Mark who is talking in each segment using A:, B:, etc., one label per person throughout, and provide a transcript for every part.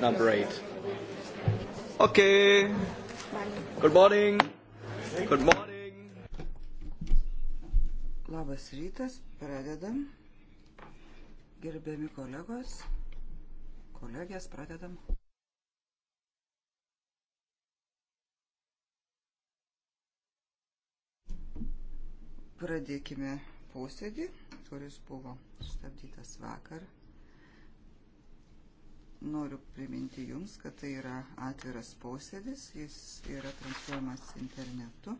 A: Number eight. Okay. Good morning.
B: Good
C: morning.
B: Labas rytas, pradedam. Gerbiami kolegos, kolegės, pradedam. Pradėkime posėdį, kuris buvo sustabdytas vakar. Noriu priminti Jums, kad tai yra atviras posėdis, jis yra transliuojamas internetu.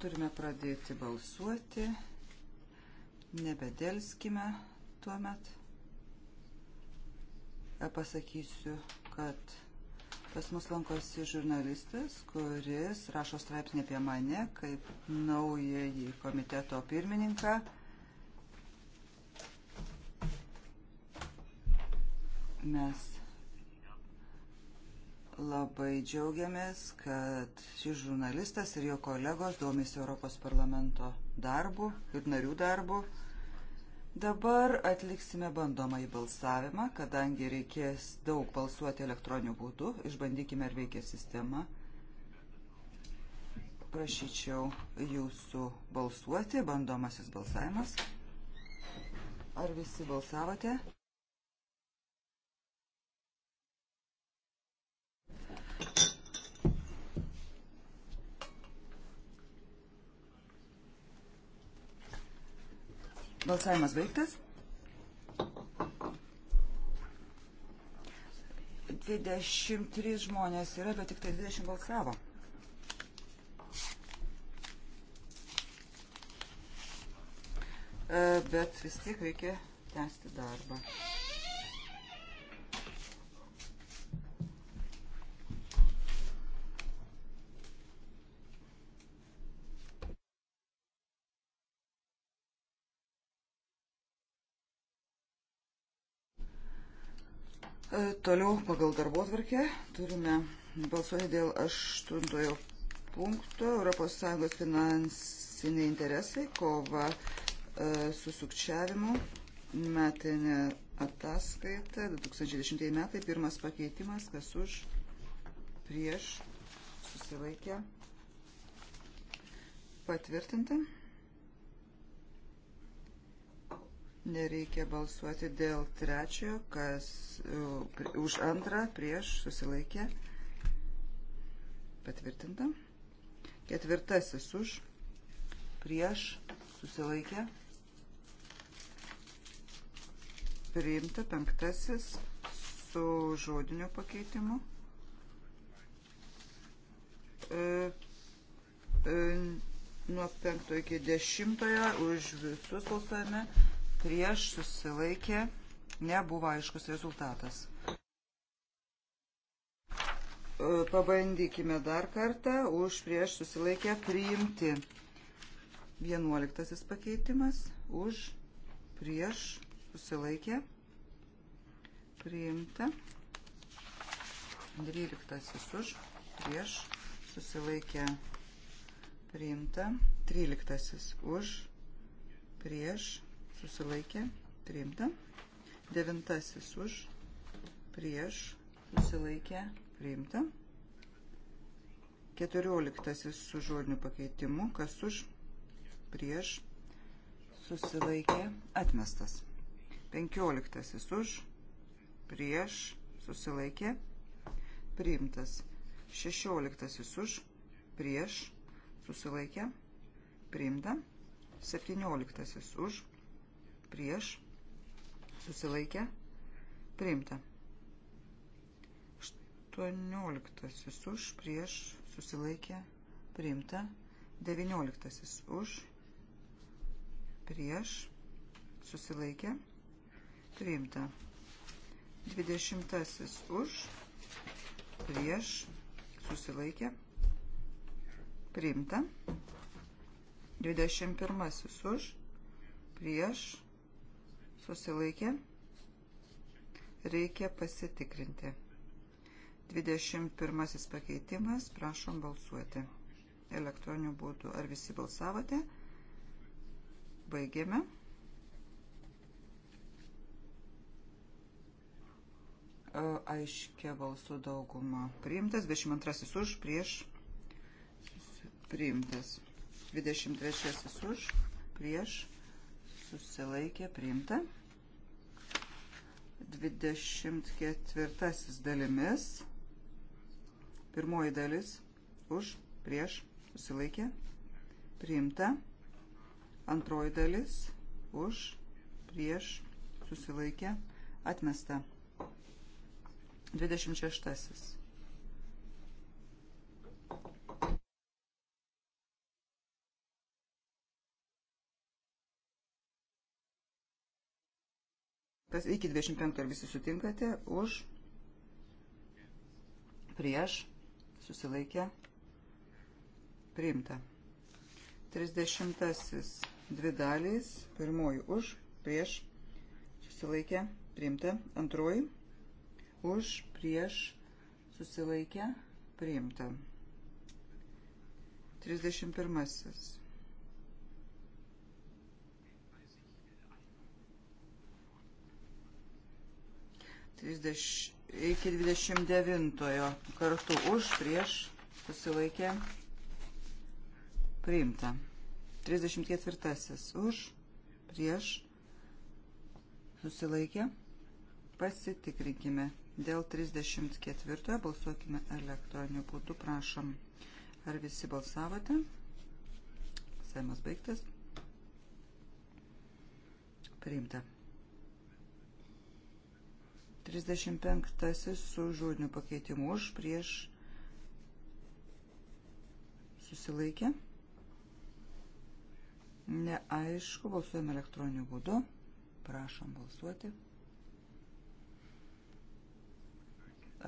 B: Turime pradėti balsuoti, nebedelskime tuo met. E, pasakysiu, kad Pas mus lankosi žurnalistas, kuris rašo straipsnį apie mane kaip naująjį komiteto pirmininką. Mes labai džiaugiamės, kad šis žurnalistas ir jo kolegos domisi Europos parlamento darbu ir narių darbu. Dabar atliksime bandomą į balsavimą, kadangi reikės daug balsuoti elektroniniu būdu. Išbandykime, ar veikia sistema. Prašyčiau jūsų balsuoti, bandomasis balsavimas. Ar visi balsavote? Balsavimas baigtas. 23 žmonės yra, bet tik tai 20 balsavo. E, bet vis tiek reikia tęsti darbą. Toliau pagal darbo tvarkę turime balsuoti dėl aštuntojo punkto ES finansiniai interesai, kova e, su sukčiavimu, metinė ataskaita, 2010 metai, pirmas pakeitimas, kas už, prieš, susilaikė, patvirtinta. Nereikia balsuoti dėl trečiojo, kas e, už antrą, prieš, susilaikė. Patvirtinta. Ketvirtasis už, prieš, susilaikė. Priimta penktasis su žodiniu pakeitimu. E, e, nuo penkto iki dešimtojo už visus balsuojame prieš susilaikė, nebuvo aiškus rezultatas. E, pabandykime dar kartą, už prieš susilaikę priimti. Vienuoliktasis pakeitimas, už prieš susilaikę priimta. Dvyliktasis už prieš susilaikę priimta. Tryliktasis už prieš susilaikė, priimta. Devintasis už, prieš, susilaikė, priimta. Keturioliktasis su žodiniu pakeitimu, kas už, prieš, susilaikė, atmestas. Penkioliktasis už, prieš, susilaikė, priimtas. Šešioliktasis už, prieš, susilaikė, priimta. Septynioliktasis už, prieš, susilaikę, priimta. 18 už, prieš, susilaikę, priimta. 19 už, prieš, susilaikę, priimta. 20 už, prieš, susilaikę, priimta. 21 už, prieš, susilaikė, reikia pasitikrinti. 21 pakeitimas, prašom balsuoti elektroniniu būdu. Ar visi balsavote? Baigėme. Aiškia balsų dauguma. Priimtas, 22 už, prieš. Priimtas. 23 už, prieš. Susilaikė, priimta. 24 dalimis. Pirmoji dalis už, prieš, susilaikė, priimta. Antroji dalis už, prieš, susilaikė, atmesta. 26. paketas iki 25, ar visi sutinkate, už, prieš, susilaikę, priimta. 30, dvi dalys, pirmoji už, prieš, susilaikę, priimta, antroji, už, prieš, susilaikę, priimta. 31. 30, iki 29 kartu už, prieš, susilaikė, priimta. 34 už, prieš, susilaikė, pasitikrinkime. Dėl 34 balsuokime elektroniniu būdu, prašom. Ar visi balsavote? Seimas baigtas. Priimta. 35 su žodiniu pakeitimu už prieš susilaikę. Neaišku, balsuojam elektroniniu būdu. Prašom balsuoti.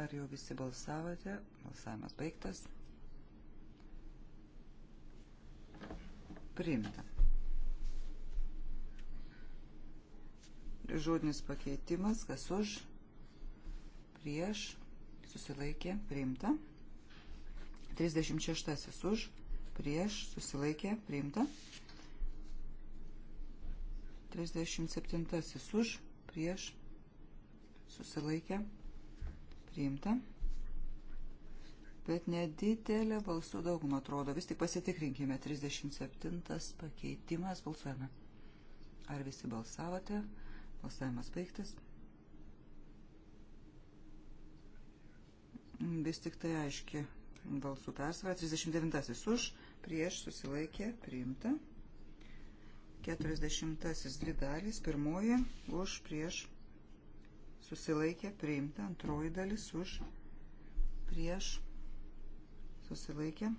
B: Ar jau visi balsavote? Balsavimas baigtas. Priimta. Žodinis pakeitimas, kas už? prieš, susilaikė, priimta. 36 už, prieš, susilaikė, priimta. 37 už, prieš, susilaikė, priimta. Bet nedidelė balsų dauguma atrodo. Vis tik pasitikrinkime. 37 pakeitimas. Balsuojame. Ar visi balsavote? Balsavimas baigtas. vis tik tai aiški balsų persvara. 39 už, prieš susilaikė, priimta. 40 dvi dalys, pirmoji už, prieš susilaikė, priimta. Antroji dalis už, prieš susilaikė.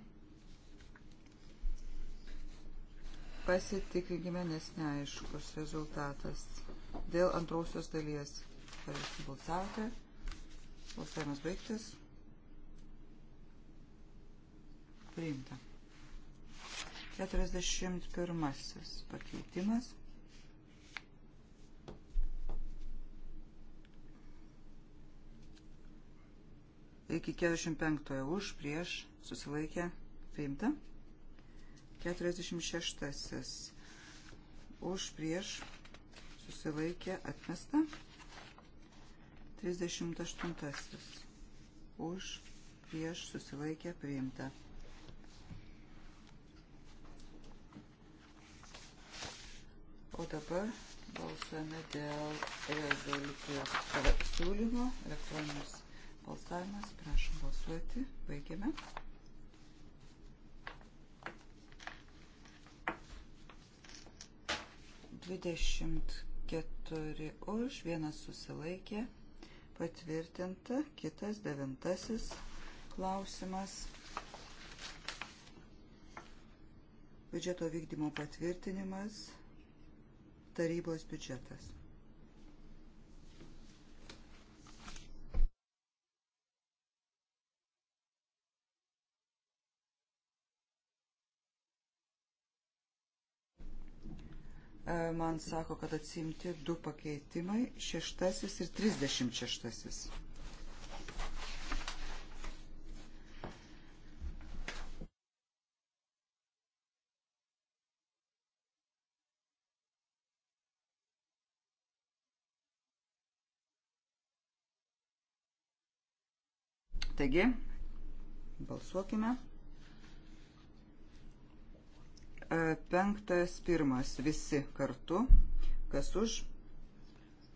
B: Pasitikrinkime, nes neaiškus rezultatas. Dėl antrosios dalies. Ar jūs balsavote? Balsavimas baigtas. priimta. 41 pakeitimas. Iki 45 už, prieš, susilaikė, priimta. 46 už, prieš, susilaikė, atmesta. 38 už, prieš, susilaikė, priimta. O dabar balsuojame dėl rezoliucijos siūlymo. Elektroninis balsavimas. Prašom balsuoti. Baigiame. Dvidešimt keturi už, vienas susilaikė, patvirtinta, kitas devintasis klausimas. Biudžeto vykdymo patvirtinimas tarybos biudžetas. E, man sako, kad atsimti du pakeitimai, šeštasis ir trisdešimt šeštasis. Taigi, balsuokime. E, penktas, pirmas, visi kartu, kas už,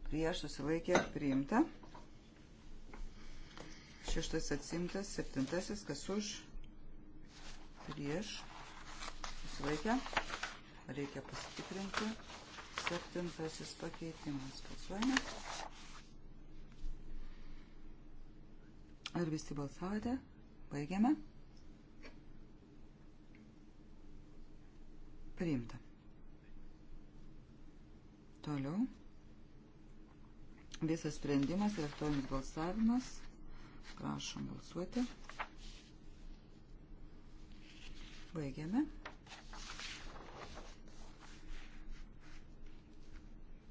B: prieš susilaikė priimta. Šeštas atsimtas, septintasis, kas už, prieš susilaikė. Reikia pasitikrinti. Septintasis pakeitimas. Balsuojame. Ar visi balsavote? Baigiame. Priimta. Toliau. Visas sprendimas, elektroninis balsavimas. Prašom balsuoti. Baigiame.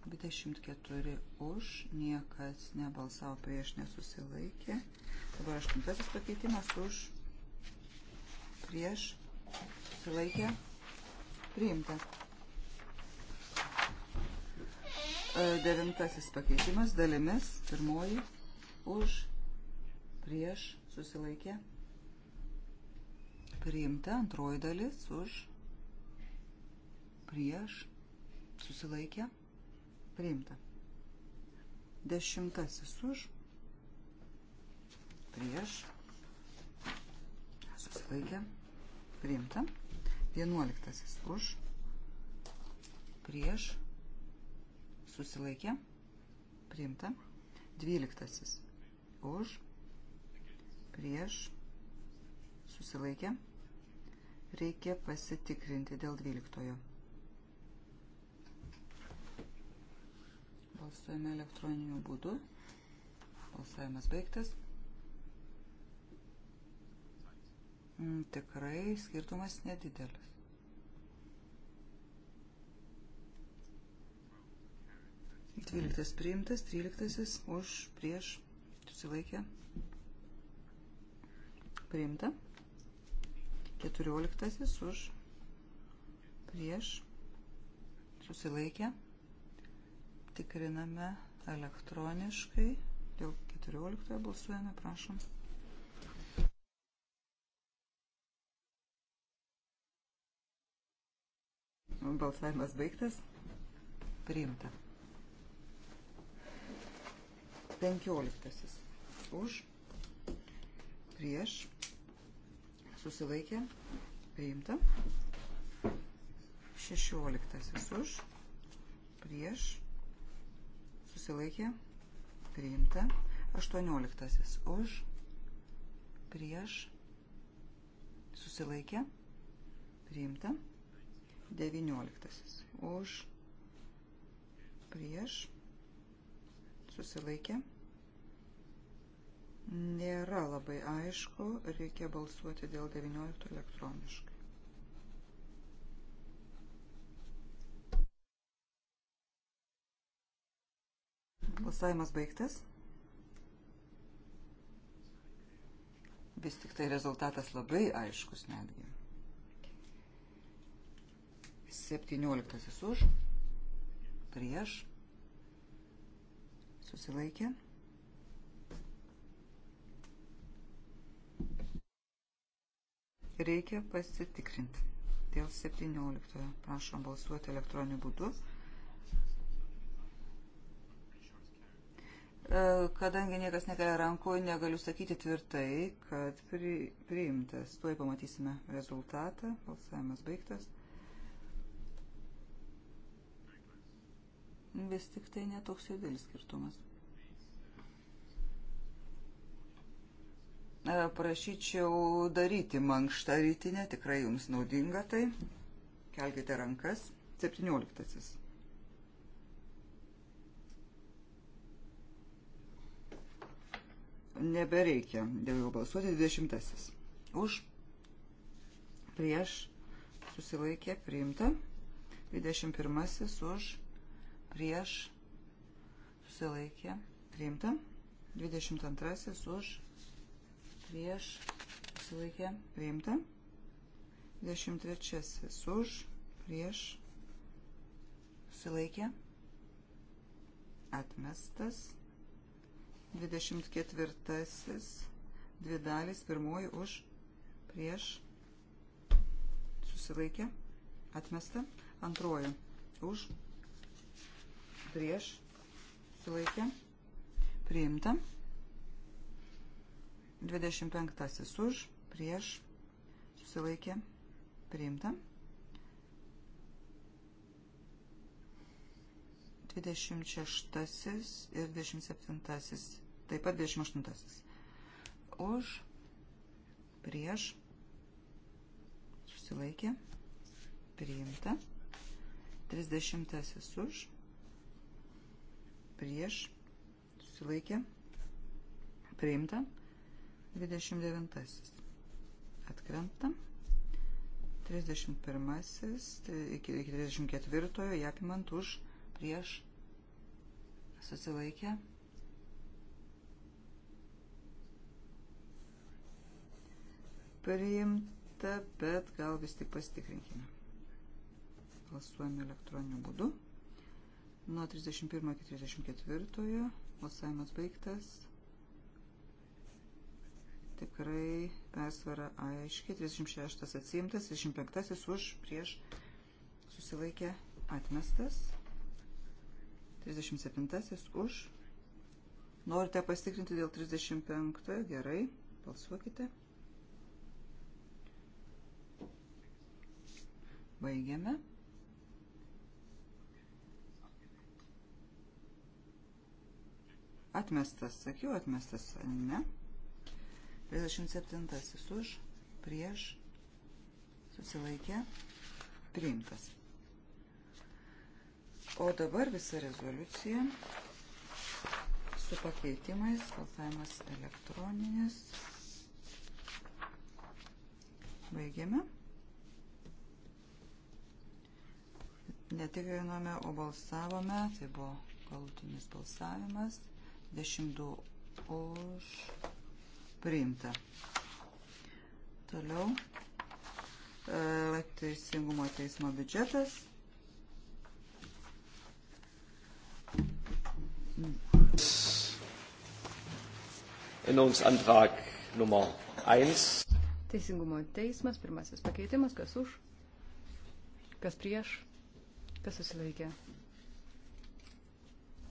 B: Dvidešimt keturi už, niekas nebalsavo prieš nesusilaikė. Dabar aštuntasis pakeitimas už prieš susilaikę priimta. E, devintasis pakeitimas dalimis pirmoji už prieš susilaikę priimta antroji dalis už prieš susilaikę priimta. Dešimtasis už prieš, susilaikė, priimta. Vienuoliktasis už, prieš, susilaikė, priimta. Dvyliktasis už, prieš, susilaikė. Reikia pasitikrinti dėl dvyliktojo. Balsuojame elektroniniu būdu. Balsavimas baigtas. Mm, tikrai skirtumas nedidelis. Dvyliktas priimtas, tryliktasis už prieš susilaikė. Priimta. Keturioliktasis už prieš susilaikė. Tikriname elektroniškai. Dėl keturioliktojo balsuojame, prašom. Balsavimas baigtas. Priimta. 15. Už. Prieš. Susilaikė. Priimta. 16. Už. Prieš. Susilaikė. Priimta. 18. Už. Prieš. Susilaikė. Priimta. 19. Už, prieš, susilaikė. Nėra labai aišku, reikia balsuoti dėl 19 elektroniškai. Balsavimas baigtas. Vis tik tai rezultatas labai aiškus netgi. 17 už, prieš, susilaikė. Reikia pasitikrinti dėl 17. Prašom balsuoti elektroniniu būdu. E, kadangi niekas nekelia rankų, negaliu sakyti tvirtai, kad pri, priimtas. Tuoj pamatysime rezultatą. Balsavimas baigtas. vis tik tai netoks jau didelis skirtumas. E, prašyčiau daryti mankštą rytinę, tikrai jums naudinga tai. Kelkite rankas. 17. Nebereikia dėl jo balsuoti. 20. Už, prieš, susilaikė, priimta. 21. Už, prieš, susilaikė, priimta. 22 už, prieš, susilaikė, priimta. 23 už, prieš, susilaikė, atmestas. 24 dvi dalys, pirmoji už, prieš, susilaikė, atmesta. Antroji už, prieš prieš, sulaikė, priimta. 25 už, prieš, susilaikė, priimta. 26 ir 27, taip pat 28. Už, prieš, susilaikė, priimta. 30 už, prieš, susilaikė, priimta. 29. Atkrenta. 31. Tai iki, iki 34. Japimant už, prieš, susilaikė. Priimta, bet gal vis tik pasitikrinkime. Balsuojame elektroniniu būdu. Nuo 31 iki 34 balsavimas baigtas. Tikrai persvara aiški. 36 atsiimtas, 35 už prieš susilaikė atmestas. 37 už. Norite pasitikrinti dėl 35, gerai, balsuokite. Baigiame. Atmestas, sakiau, atmestas, ne? 57 už, prieš, susilaikė, priimtas. O dabar visa rezoliucija su pakeitimais, balsavimas elektroninis. Baigiame. Netikrinome, o balsavome, tai buvo galutinis balsavimas. 22 už priimta. Toliau e, teisingumo teismo biudžetas.
A: Änderungsantrag Nummer 1.
C: Teisingumo teismas, pirmasis pakeitimas, kas už, kas prieš, kas susilaikė.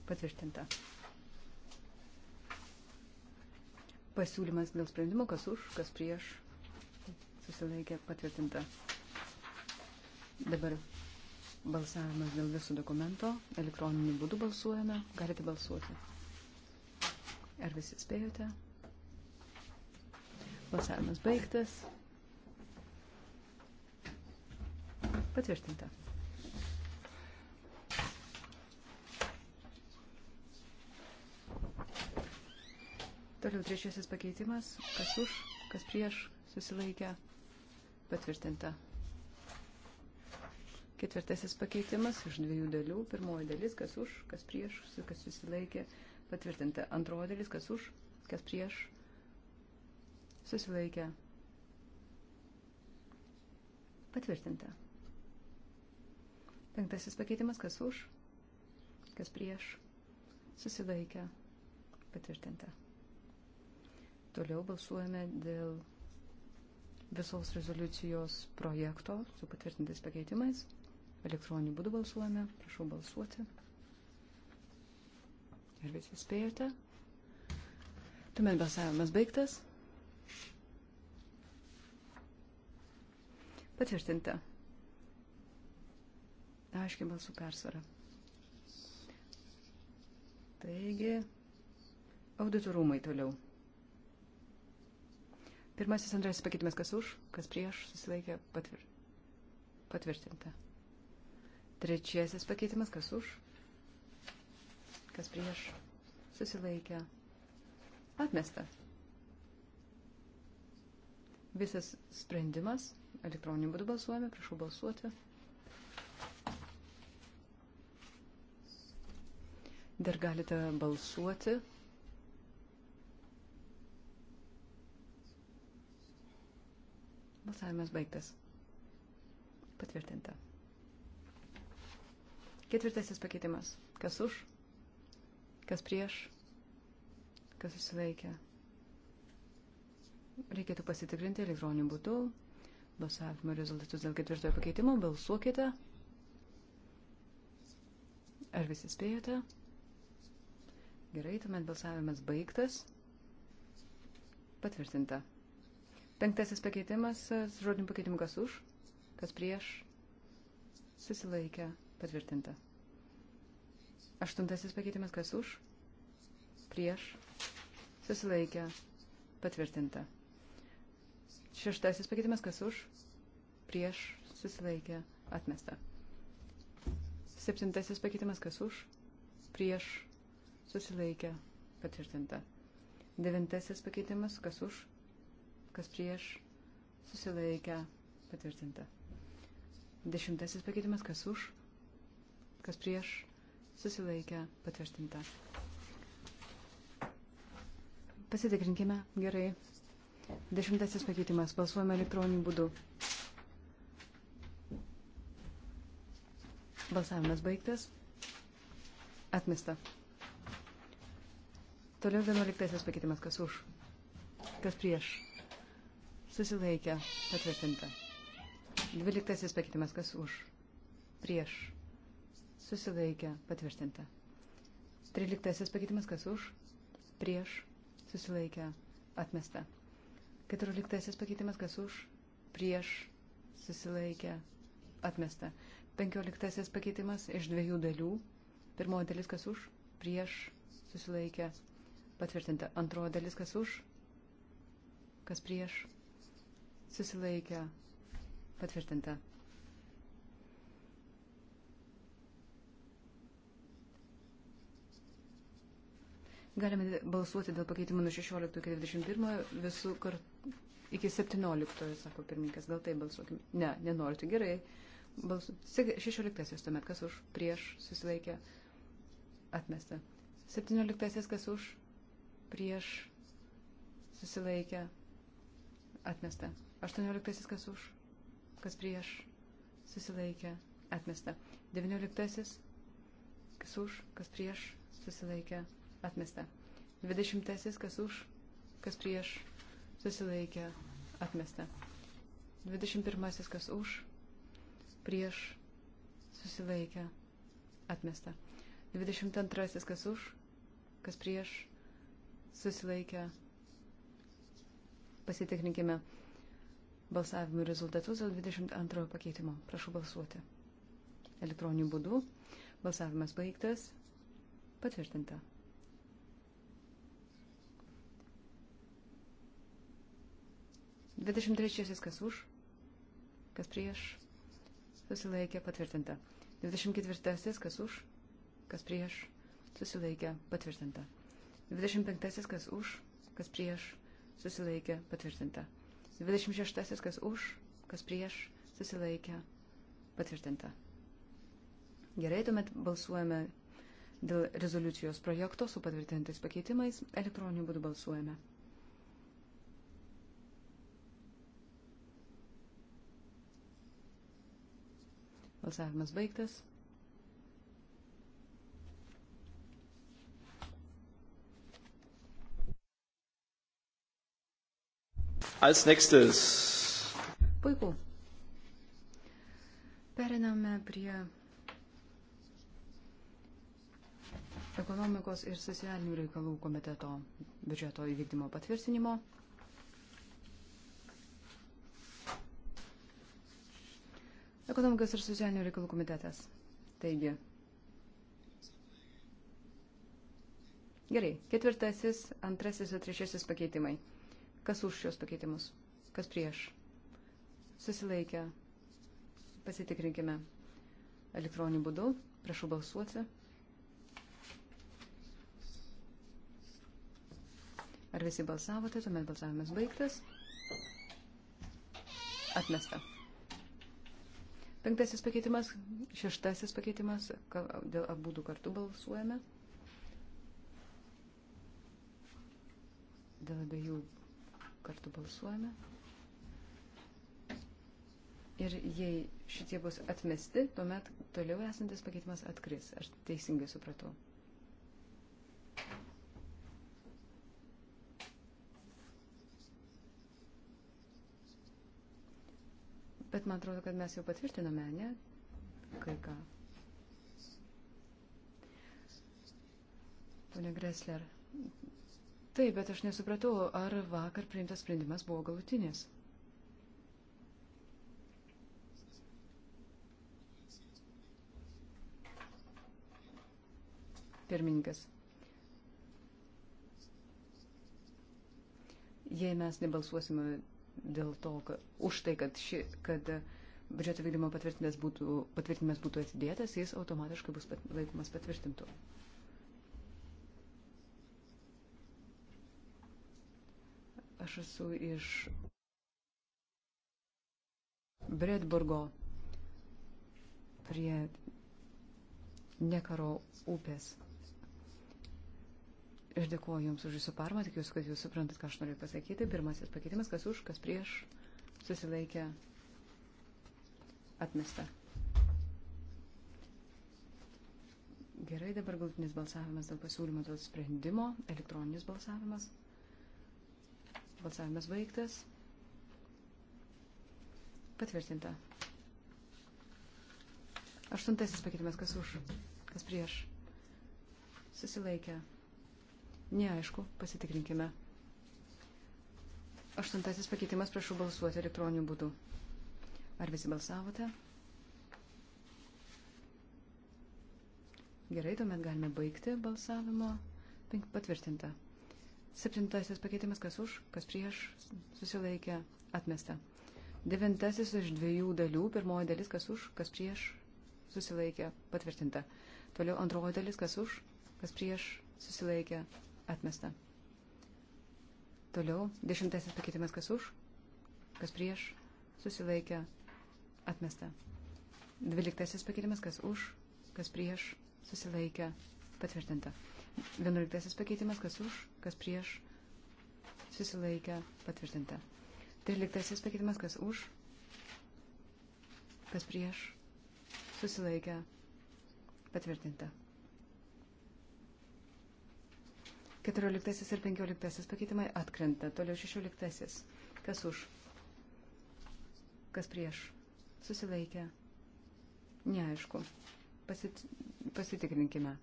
C: Patvirtinta. Pasiūlymas dėl sprendimo, kas už, kas prieš, susilaikė patvirtinta. Dabar balsavimas dėl viso dokumento. Elektroniniu būdu balsuojame. Galite balsuoti. Ar visi spėjote? Balsavimas baigtas. Patvirtinta. Toliau trečiasis pakeitimas. Kas už, kas prieš, susilaikę, patvirtinta. Ketvirtasis pakeitimas iš dviejų dalių. Pirmoji dalis, kas už, kas prieš, kas susilaikė, patvirtinta. Antroji dalis, kas už, kas prieš, susilaikė, patvirtinta. Penktasis pakeitimas, kas už, kas prieš, susilaikė, patvirtinta. Toliau balsuojame dėl visos rezoliucijos projekto su patvirtintais pakeitimais. Elektroniniu būdu balsuojame. Prašau balsuoti. Ar visi spėjote? Tuomet balsavimas baigtas. Patvirtinta. Aiškiai balsų persvara. Taigi, auditorumai toliau. Pirmasis, antrasis pakeitimas, kas už, kas prieš, susilaikė patvir... patvirtinta. Trečiasis pakeitimas, kas už, kas prieš, susilaikė atmesta. Visas sprendimas elektroniniu būdu balsuojame, prašau balsuoti. Dar galite balsuoti. Balsavimas baigtas. Patvirtinta. Ketvirtasis pakeitimas. Kas už, kas prieš, kas susilaikė. Reikėtų pasitikrinti elektroniniu būdu. Balsavimo rezultatus dėl ketvirtojo pakeitimo. Balsuokite. Ar visi spėjote? Gerai, tuomet balsavimas baigtas. Patvirtinta. Penktasis pakeitimas, žodinių pakeitimų kas už, kas prieš, susilaikė, patvirtinta. Aštuntasis pakeitimas kas už, prieš, susilaikė, patvirtinta. Šeštasis pakeitimas kas už, prieš, susilaikė, atmesta. Septintasis pakeitimas kas už, prieš, susilaikė, patvirtinta. Devintasis pakeitimas kas už, kas prieš, susilaikę, patvirtinta. Dešimtasis pakeitimas, kas už, kas prieš, susilaikę, patvirtinta. Pasitikrinkime, gerai. Dešimtasis pakeitimas, balsuojame elektroniniu būdu. Balsavimas baigtas. Atmesta. Toliau vienuoliktasis pakeitimas, kas už, kas prieš, Susilaikė. Patvirtinta. Dvyliktasis pakeitimas. Kas už? Prieš. Susilaikė. Patvirtinta. Tryliktasis pakeitimas. Kas už? Prieš. Susilaikė. Atmesta. Keturioliktasis pakeitimas. Kas už? Prieš. Susilaikė. Atmesta. Penkioliktasis pakeitimas iš dviejų dalių. Pirmoji dalis kas už, prieš, susilaikė, patvirtinta. Antroji dalis kas už, kas prieš, susilaikė, patvirtinta. Galime balsuoti dėl pakeitimų nuo 16 iki 21 visų kartų iki 17, sako pirmininkas. Gal tai balsuokime? Ne, nenorite. Tai gerai. Balsu... 16 tuomet, kas už, prieš, susilaikė, atmesta. 17 kas už, prieš, susilaikė, atmesta. 18 kas už, kas prieš, susilaikė, atmesta. 19 kas už, kas prieš, susilaikė, atmesta. 20 kas už, kas prieš, susilaikė, atmesta. 21 kas už, prieš, susilaikė, atmesta. 22 kas už, kas prieš, susilaikė, atmesta pasitikrinkime balsavimo rezultatus dėl 22 pakeitimo. Prašau balsuoti. Elektroniniu būdu. Balsavimas baigtas. Patvirtinta. Dvidešimt trečiasis kas už, kas prieš, susilaikė patvirtinta. Dvidešimt ketvirtasis kas už, kas prieš, susilaikė patvirtinta. Dvidešimt penktasis kas už, kas prieš, susilaikė patvirtinta. 26. Kas už, kas prieš, susilaikė, patvirtinta. Gerai, tuomet balsuojame dėl rezoliucijos projekto su patvirtintais pakeitimais. Elektroniniu būdu balsuojame. Balsavimas baigtas. Als nächstes. Puiku. Periname prie ekonomikos ir socialinių reikalų komiteto biudžeto įvykdymo patvirtinimo. Ekonomikos ir socialinių reikalų komitetas. Taigi. Gerai, ketvirtasis, antrasis ir trečiasis pakeitimai. Kas už šios pakeitimus? Kas prieš? Susilaikę. Pasitikrinkime elektroniniu būdu. Prašau balsuoti. Ar visi balsavote? Tuomet balsavimas baigtas. Atmesta. Penktasis pakeitimas, šeštasis pakeitimas, dėl abudų kartų balsuojame. Dėl abiejų kartu balsuojame. Ir jei šitie bus atmesti, tuomet toliau esantis pakeitimas atkris. Aš teisingai supratau. Bet man atrodo, kad mes jau patvirtinome, ne? Kai ką. Pone Gressler, Taip, bet aš nesupratau, ar vakar priimtas sprendimas buvo galutinis. Pirmininkas. Jei mes nebalsuosime dėl to, kad, už tai, kad, ši, kad biudžeto vykdymo patvirtinimas būtų, patvirtinimas būtų atidėtas, jis automatiškai bus pat, laikomas patvirtintų. Aš esu iš Bredburgo prie Nekaro upės. Aš dėkuoju Jums už Jūsų parmą, tikiuosi, kad Jūs suprantat, ką aš noriu pasakyti. Pirmasis pakeitimas, kas už, kas prieš, susilaikė, atmesta. Gerai, dabar galutinis balsavimas dėl pasiūlymo, dėl sprendimo, elektroninis balsavimas. Balsavimas baigtas. Patvirtinta. Aštuntasis pakeitimas, kas už, kas prieš. Susilaikę. Neaišku, pasitikrinkime. Aštuntasis pakeitimas, prašau balsuoti elektroniniu būdu. Ar visi balsavote? Gerai, tuomet galime baigti balsavimo. Patvirtinta. Septintasis pakeitimas, kas už, kas prieš, susilaikė, atmesta. Devintasis iš dviejų dalių, pirmoji dalis, kas už, kas prieš, susilaikė, patvirtinta. Toliau antroji dalis, kas už, kas prieš, susilaikė, atmesta. Toliau dešimtasis pakeitimas, kas už, kas prieš, susilaikė, atmesta. Dvyliktasis pakeitimas, kas už, kas prieš, susilaikė, patvirtinta. Vienuoliktasis pakeitimas, kas už, kas prieš, susilaikę, patvirtinta. Tryliktasis pakeitimas, kas už, kas prieš, susilaikę, patvirtinta. Keturioliktasis ir penkioliktasis pakeitimai atkrenta. Toliau šešioliktasis. Kas už, kas prieš, susilaikę, neaišku. Pasit, pasitikrinkime.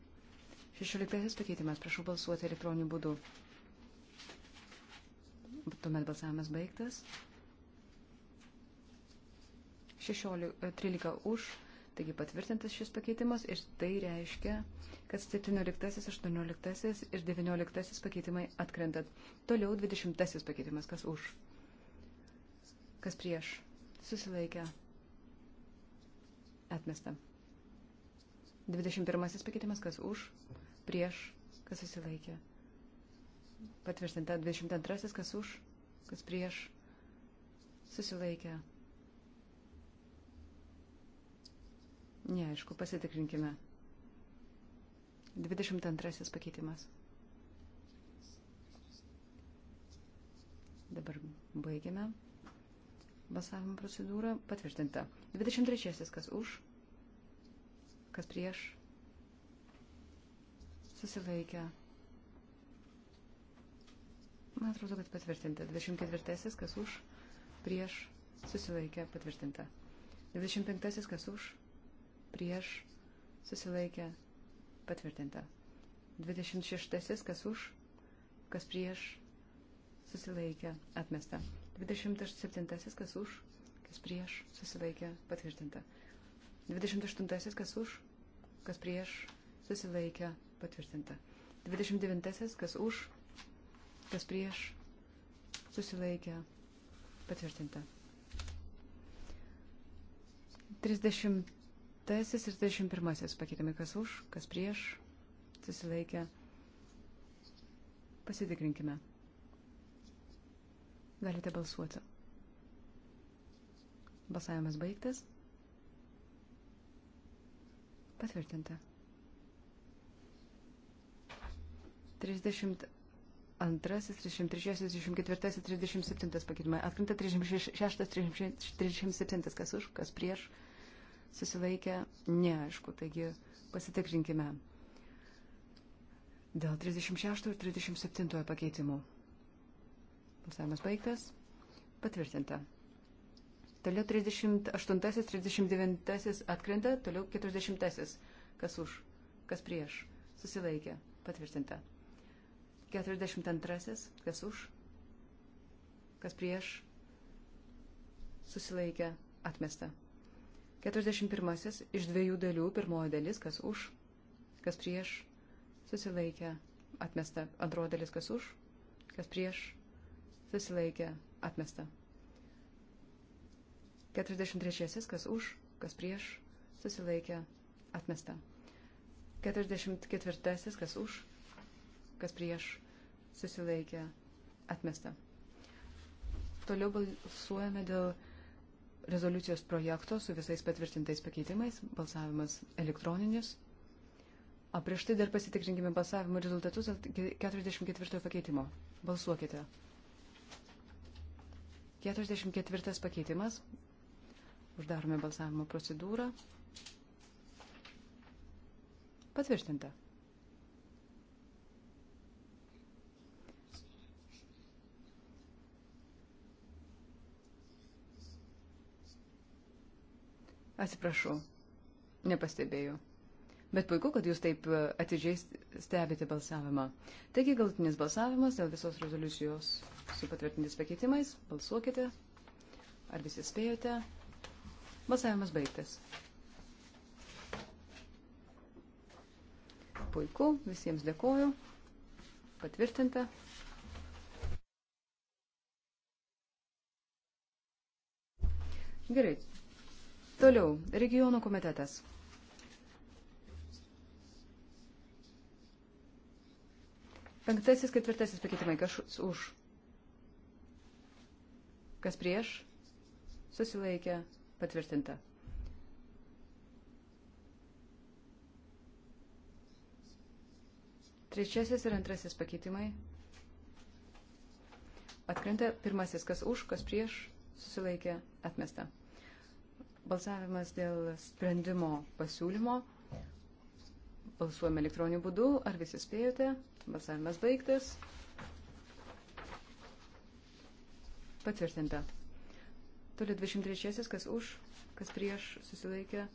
C: 16 pakeitimas, prašau balsuoti elektroniniu būdu. Tuomet balsavimas baigtas. 16, 13 e, už, taigi patvirtintas šis pakeitimas ir tai reiškia, kad 17, 18 ir 19 pakeitimai atkrentat. Toliau 20 pakeitimas, kas už, kas prieš, susilaikę, atmesta. 21 pakeitimas, kas už, prieš, kas susilaikė. Patvirtinta 22, kas už, kas prieš, susilaikė. Neaišku, pasitikrinkime. 22 pakeitimas. Dabar baigiame balsavimo procedūrą. Patvirtinta. 23 kas už, kas prieš, susilaikė. Man atrodo, kad patvirtinta. 24. kas už, prieš, susilaikė, patvirtinta. 25. kas už, prieš, susilaikė, patvirtinta. 26. kas už, kas prieš, susilaikė, atmesta. 27. kas už, kas prieš, susilaikė, patvirtinta. 28. kas už, kas prieš, susilaikė, patvirtinta. 29. Kas už, kas prieš, susilaikė, patvirtinta. 30. ir 31. Pakeitimai kas už, kas prieš, susilaikė. Pasitikrinkime. Galite balsuoti. Balsavimas baigtas. Patvirtinta. 32, 33, 34, 37 pakeitimai. Atkrinta 36, 37, kas už, kas prieš. Susilaikė neaišku, taigi pasitikrinkime. Dėl 36 ir 37 pakeitimų. Balsavimas baigtas. Patvirtinta. Toliau 38, 39 atkrenta, toliau 40. Kas už, kas prieš. Susilaikė. Patvirtinta. 42. Kas už? Kas prieš? Susilaikė. Atmesta. 41. Iš dviejų dalių. Pirmoji dalis. Kas už? Kas prieš? Susilaikė. Atmesta. Antroji dalis. Kas už? Kas prieš? Susilaikė. Atmesta. 43. Kas už? Kas prieš? Susilaikė. Atmesta. 44. Kas už? Kas prieš? susilaikė, atmesta. Toliau balsuojame dėl rezoliucijos projekto su visais patvirtintais pakeitimais, balsavimas elektroninis. O prieš tai dar pasitikrinkime balsavimo rezultatus dėl 44 pakeitimo. Balsuokite. 44 pakeitimas. Uždarome balsavimo procedūrą. Patvirtinta. Atsiprašau, nepastebėjau. Bet puiku, kad jūs taip e, atidžiai stebite balsavimą. Taigi galtinis balsavimas dėl visos rezoliucijos su patvirtintis pakeitimais. Balsuokite. Ar visi spėjote? Balsavimas baigtas. Puiku, visiems dėkoju. Patvirtinta. Gerai, Toliau, regionų komitetas. Penktasis, ketvirtasis pakeitimai. Kas už? Kas prieš? Susilaikė. Patvirtinta. Trečiasis ir antrasis pakeitimai. Atkrinta pirmasis, kas už, kas prieš, susilaikė, atmesta. Balsavimas dėl sprendimo pasiūlymo. Balsuojame elektroniniu būdu. Ar visi spėjote? Balsavimas baigtas. Patvirtinta. Toliau 23. Kas už, kas prieš susilaikė.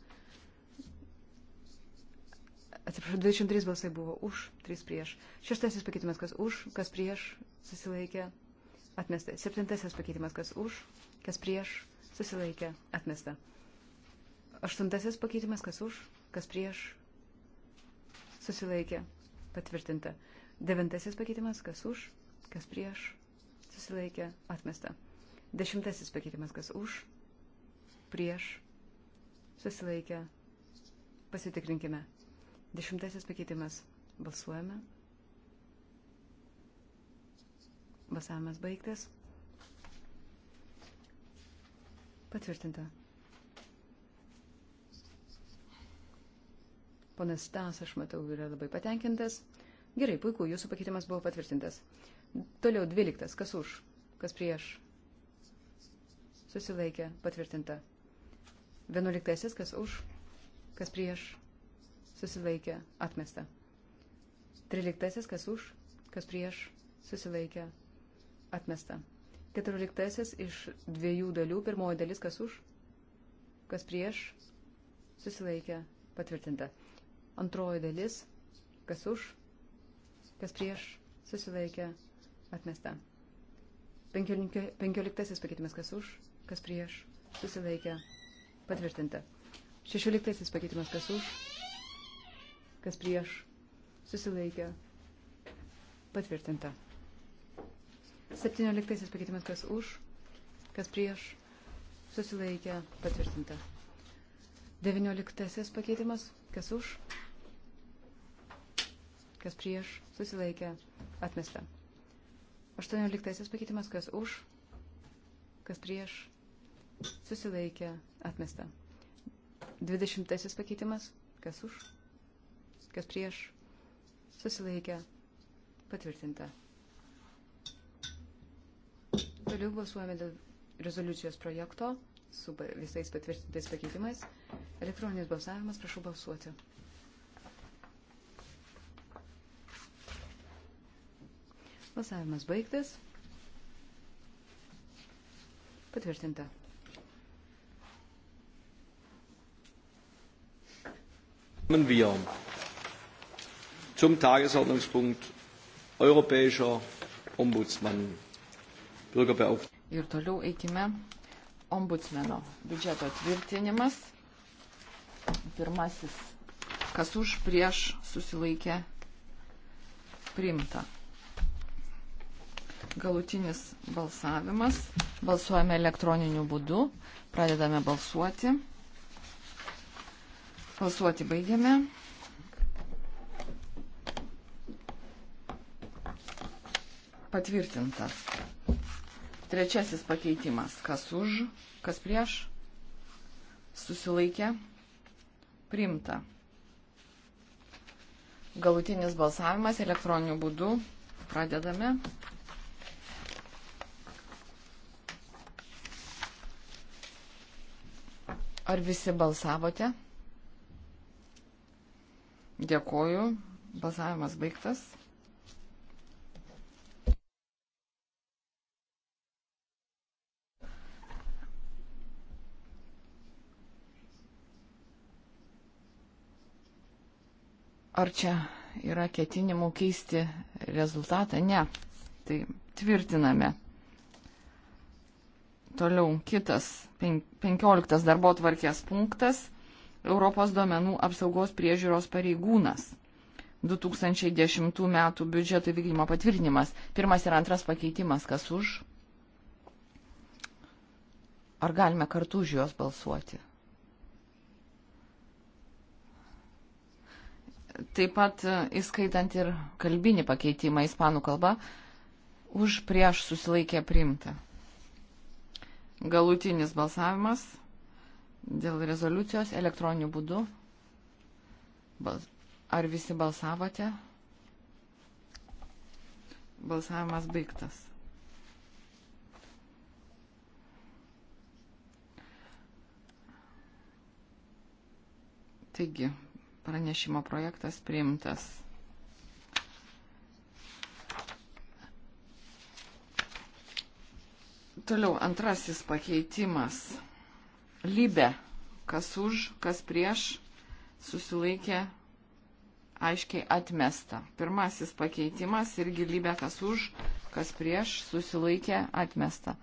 C: Atsiprašau, 23 balsai buvo už, 3 prieš. Šeštasis pakeitimas, kas už, kas prieš susilaikė. Atmesta. Septintasis pakeitimas, kas už, kas prieš susilaikė. Atmesta. Aštuntasis pakeitimas, kas už, kas prieš, susilaikė, patvirtinta. Devintasis pakeitimas, kas už, kas prieš, susilaikė, atmesta. Dešimtasis pakeitimas, kas už, prieš, susilaikė, pasitikrinkime. Dešimtasis pakeitimas, balsuojame. Balsavimas baigtas. Patvirtinta. Ponas Stas, aš matau, yra labai patenkintas. Gerai, puiku, jūsų pakeitimas buvo patvirtintas. Toliau, dvyliktas, kas už, kas prieš. Susilaikė, patvirtinta. Vienuoliktasis, kas už, kas prieš. Susilaikė, atmesta. Tryliktasis, kas už, kas prieš. Susilaikė, atmesta. Keturioliktasis iš dviejų dalių, pirmoji dalis, kas už, kas prieš. Susilaikė, patvirtinta. Antroji dalis, kas už, kas prieš, susilaikė, atmesta. Penkioliktasis pakeitimas, kas už, kas prieš, susilaikė, patvirtinta. Šešioliktasis pakeitimas, kas už, kas prieš, susilaikė, patvirtinta. Septynioliktasis pakeitimas, kas už, kas prieš, susilaikė, patvirtinta. Devynioliktasis pakeitimas, kas už, kas prieš, susilaikė, atmesta. 18 pakeitimas, kas už, kas prieš, susilaikė, atmesta. 20 pakeitimas, kas už, kas prieš, susilaikė, patvirtinta. Toliau balsuojame dėl rezoliucijos projekto su visais patvirtintais pakeitimais. Elektroninis balsavimas, prašau balsuoti. Balsavimas baigtas. Patvirtinta.
A: Kommen wir zum Tagesordnungspunkt Europäischer Ombudsmann Bürgerbeauftragter. Ir toliau eikime ombudsmeno biudžeto tvirtinimas. Pirmasis, kas už prieš susilaikė, primta galutinis balsavimas. Balsuojame elektroniniu būdu. Pradedame balsuoti. Balsuoti baigiame. Patvirtintas. Trečiasis pakeitimas. Kas už, kas prieš? Susilaikė. Primta. Galutinis balsavimas elektroniniu būdu. Pradedame. Ar visi balsavote? Dėkoju. Balsavimas baigtas. Ar čia yra ketinimų keisti rezultatą? Ne. Tai tvirtiname. Toliau kitas penkioliktas darbo tvarkės punktas - Europos duomenų apsaugos priežiūros pareigūnas. 2010 m. biudžeto vykdymo patvirtinimas. Pirmas ir antras pakeitimas. Kas už? Ar galime kartu už juos balsuoti? Taip pat įskaitant ir kalbinį pakeitimą ispanų kalba, už prieš susilaikė primta. Galutinis balsavimas dėl rezoliucijos elektroniniu būdu. Ar visi balsavote? Balsavimas baigtas. Taigi, pranešimo projektas priimtas. Toliau antrasis pakeitimas. Libe. Kas už, kas prieš susilaikė aiškiai atmesta. Pirmasis pakeitimas irgi lybė kas už, kas prieš, susilaikė atmesta.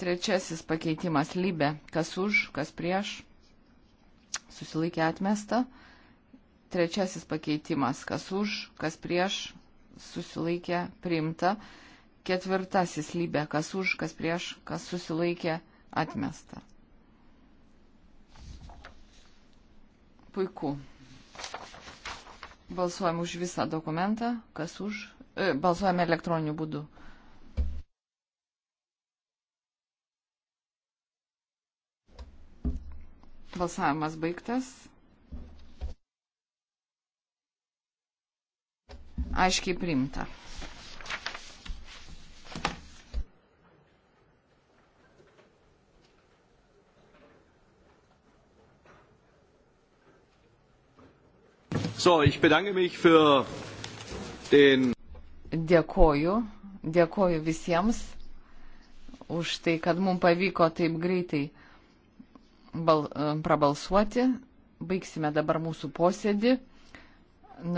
A: Trečiasis pakeitimas lybė kas už, kas prieš, susilaikė atmesta. Trečiasis pakeitimas kas už, kas prieš, susilaikė priimta. Ketvirtasis lybė, kas už, kas prieš, kas susilaikė, atmesta. Puiku. Balsuojam už visą dokumentą, kas už. E, balsuojam elektroniniu būdu. Balsavimas baigtas. Aiškiai primta. So, ich bedanke mich für den. Dėkoju, dėkoju visiems už tai, kad mums pavyko taip greitai bal, e, prabalsuoti. Baigsime dabar mūsų posėdį.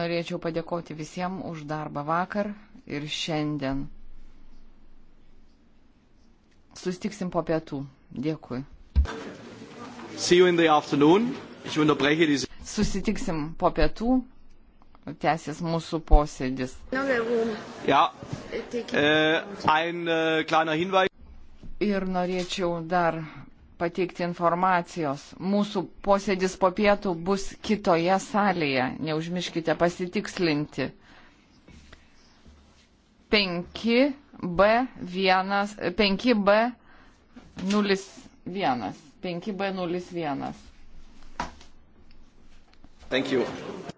A: Norėčiau padėkoti visiems už darbą vakar ir šiandien. Sustiksim po pietų. Dėkui.
C: See you in the afternoon.
A: Susitiksim po pietų, tęsis mūsų posėdis.
C: Ja. Äh, äh,
A: Ir norėčiau dar pateikti informacijos. Mūsų posėdis po pietų bus kitoje salėje, neužmirškite pasitikslinti. 5B1, 5B01, 5B01. Thank you.